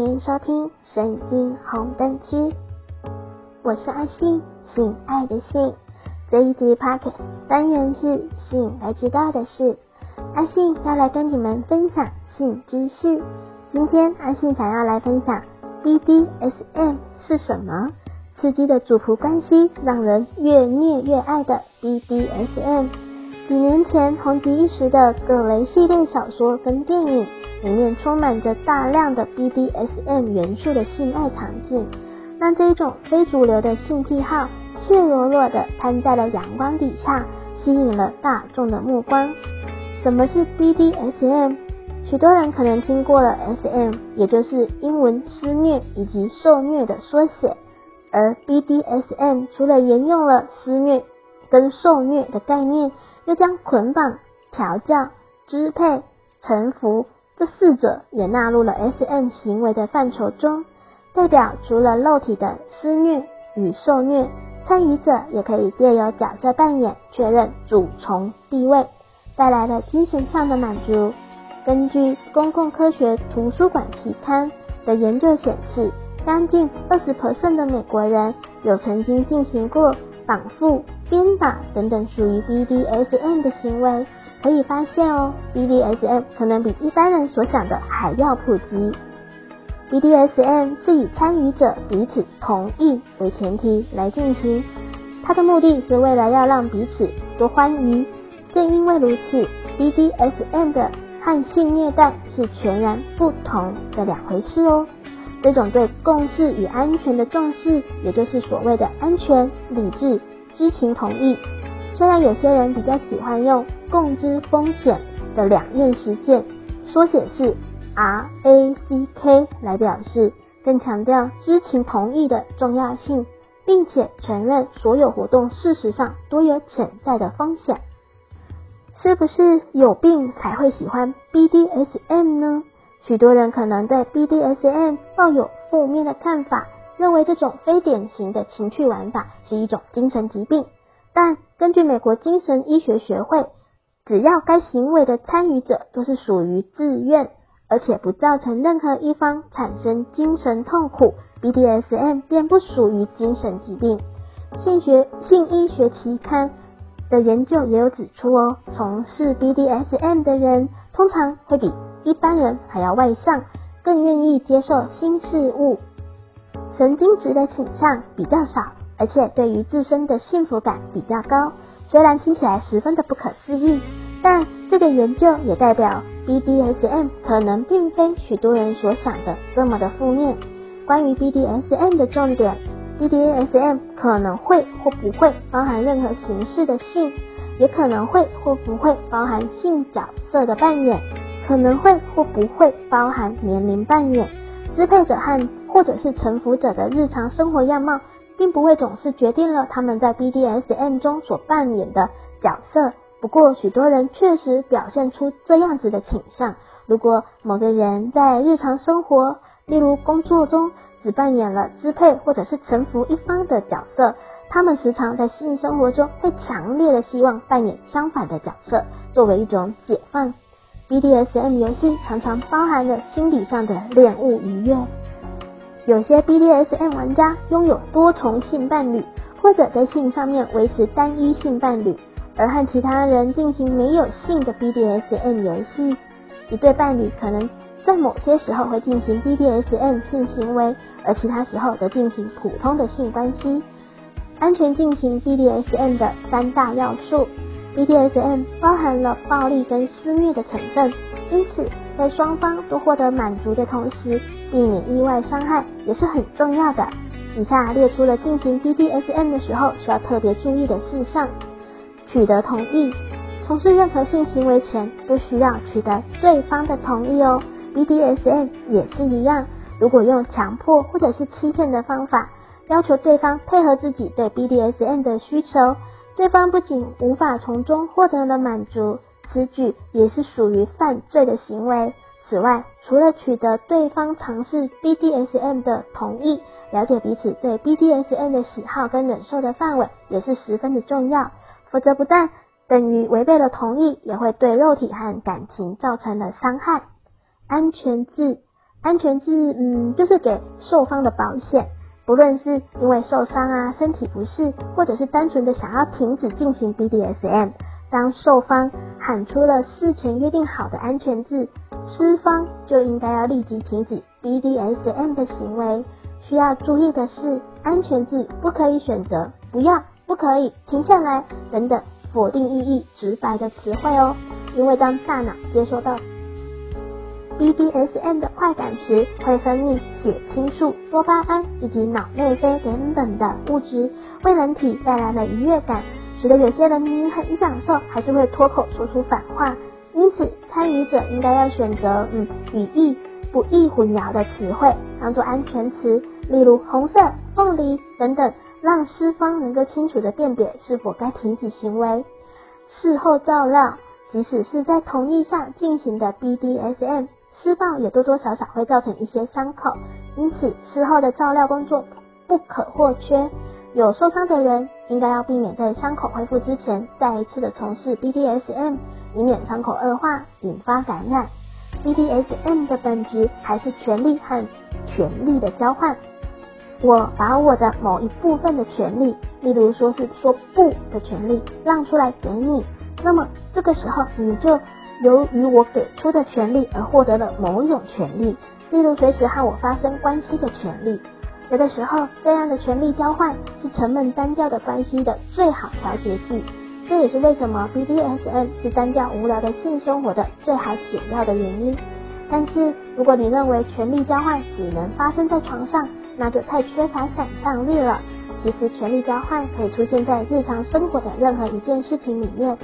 歡迎收聽聲音紅燈區，我是阿性，性愛的性。這一集 Podcast 單元是性該知道的事，阿性要來跟你們分享性知識。今天阿性想要來分享 BDSM 是什麼，刺激的主僕關係，讓人越虐越愛的 BDSM。幾年前，紅極一時的《格雷》系列小說跟電影裡面充滿着大量的 BDSM 元素的性愛場景，讓這一種非主流的性癖好赤裸裸的攤在了陽光底下，吸引了大眾的目光。什麼是 BDSM？許多人可能聽過了 SM，也就是英文施虐以及受虐的縮寫，而 BDSM 除了沿用了施虐跟受虐的概念。又將捆綁、調教、支配、臣服這四者也納入了 SM 行為的範疇中，代表除了肉體的施虐與受虐，參與者也可以借由角色扮演確認主從地位，帶來了精神上的滿足。根據公共科學圖書館期刊的研究顯示，將近20%的美國人有曾經進行過綁縛、鞭打等等屬於 BDSM 的行為，可以發現哦，BDSM 可能比一般人所想的還要普及。BDSM 是以參與者彼此同意為前提來進行，它的目的是為了要讓彼此多歡愉。正因為如此，BDSM 的和性虐待是全然不同的兩回事哦。這種對共識與安全的重視，也就是所謂的安全理智。知情同意，雖然有些人比較喜歡用共知風險的兩面實踐縮寫是 R A C K 來表示，更強調知情同意的重要性，並且承認所有活動事實上都有潛在的風險。是不是有病才會喜歡 B D S M 呢？許多人可能對 B D S M 抱有負面的看法。認為這種非典型的情趣玩法是一種精神疾病，但根據美國精神醫學學會，只要該行為的參與者都是屬於自願，而且不造成任何一方產生精神痛苦，BDSM 便不屬於精神疾病。性學、性醫學期刊的研究也有指出哦，從事 BDSM 的人通常會比一般人還要外向，更願意接受新事物。神經質的傾向比較少，而且對於自身的幸福感比較高。雖然聽起來十分的不可思議，但這個研究也代表 BDSM 可能並非許多人所想的這麼的負面。關於 BDSM 的重點，BDSM 可能會或不會包含任何形式的性，也可能會或不會包含性角色的扮演，可能會或不會包含年齡扮演、支配者和。或者是臣服者的日常生活樣貌，並不會總是決定了他們在 BDSM 中所扮演的角色。不過，許多人確實表現出這樣子的傾向。如果某個人在日常生活，例如工作中，只扮演了支配或者是臣服一方的角色，他們時常在性生活中會強烈的希望扮演相反的角色，作為一種解放。BDSM 遊戲常常包含了心理上的戀物愉悅。有些 BDSM 玩家擁有多重性伴侶，或者在性上面維持單一性伴侶，而和其他人進行沒有性的 BDSM 遊戲。一對伴侶可能在某些時候會進行 BDSM 性行為，而其他時候則進行普通的性關係。安全進行 BDSM 的三大要素，BDSM 包含了暴力跟施虐的成分，因此。在雙方都獲得滿足的同時，避免意外傷害也是很重要的。以下列出了進行 BDSM 的時候需要特別注意的事項：取得同意，從事任何性行為前不需要取得對方的同意哦。BDSM 也是一樣，如果用強迫或者是欺騙的方法要求對方配合自己對 BDSM 的需求，對方不僅無法從中獲得的滿足。此舉也是屬於犯罪的行為。此外，除了取得對方嘗試 BDSM 的同意，了解彼此對 BDSM 的喜好跟忍受的範圍也是十分的重要。否則不但等於違背了同意，也會對肉體和感情造成了傷害。安全制詞，安全詞，嗯，就是給受方的保險。不論是因為受傷啊、身體不適，或者是單純的想要停止進行 BDSM。當受方喊出了事前約定好的安全字，施方就應該要立即停止 BDSM 的行為。需要注意的是，安全字不可以選擇“不要”“不可以”“停下來”等等否定意義、直白的詞彙哦，因為當大腦接收到 BDSM 的快感時，會分泌血清素、多巴胺以及腦內啡等等的物質，為人體帶來了愉悅感。使得有些人明明很享受，還是會脫口說出反話。因此，參與者應該要選擇嗯語義不易混淆的詞彙當做安全詞，例如紅色、鳳梨等等，讓施方能夠清楚的辨別是否該停止行為。事後照料，即使是在同意下進行的 BDSM 施暴，也多多少少會造成一些傷口，因此事後的照料工作不可或缺。有受傷的人。應該要避免在傷口恢復之前再一次的從事 BDSM，以免傷口惡化引發感染。BDSM 的本質還是權利和權利的交換。我把我的某一部分的權利，例如說是說不的權利，讓出來給你，那麼這個時候你就由於我給出的權利而獲得了某種權利，例如隨時和我發生關係的權利。有的時候，這樣的權力交換是沉悶單調的關係的最好調節劑。這也是為什麼 BDSM 是單調無聊的性生活的最好解藥的原因。但是，如果你認為權力交換只能發生在床上，那就太缺乏想象力了。其實，權力交換可以出現在日常生活的任何一件事情裡面。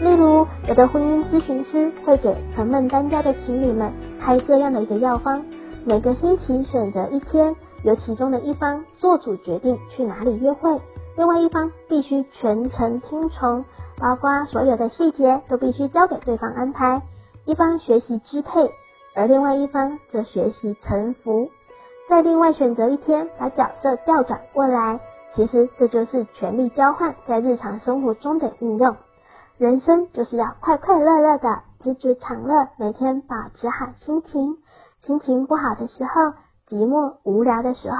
例如，有的婚姻諮詢師會給沉悶單調的情侶們開這樣的一個藥方：每個星期選擇一天。由其中的一方做主決定去哪裡約會，另外一方必須全程聽從，包括所有的細節都必須交給對方安排。一方學習支配，而另外一方則學習臣服。再另外選擇一天，把角色調轉過來。其實這就是權力交換在日常生活中的應用。人生就是要快快樂樂的，知足常樂，每天保持好心情。心情不好的時候。寂寞無聊的時候，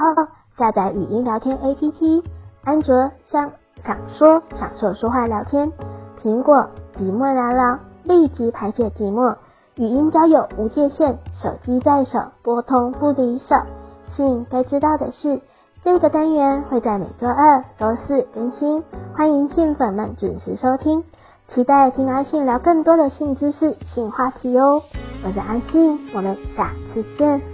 下載語音聊天 APP，安卓享享說享受說話聊天，蘋果寂寞聊聊立即排解寂寞，語音交友無界限，手機在手撥通不離手。性該知道的事，這個單元會在每周二、周四更新，歡迎性粉們準時收聽，期待聽阿性聊更多的性知識、性話題哦。我是阿性，我們下次見。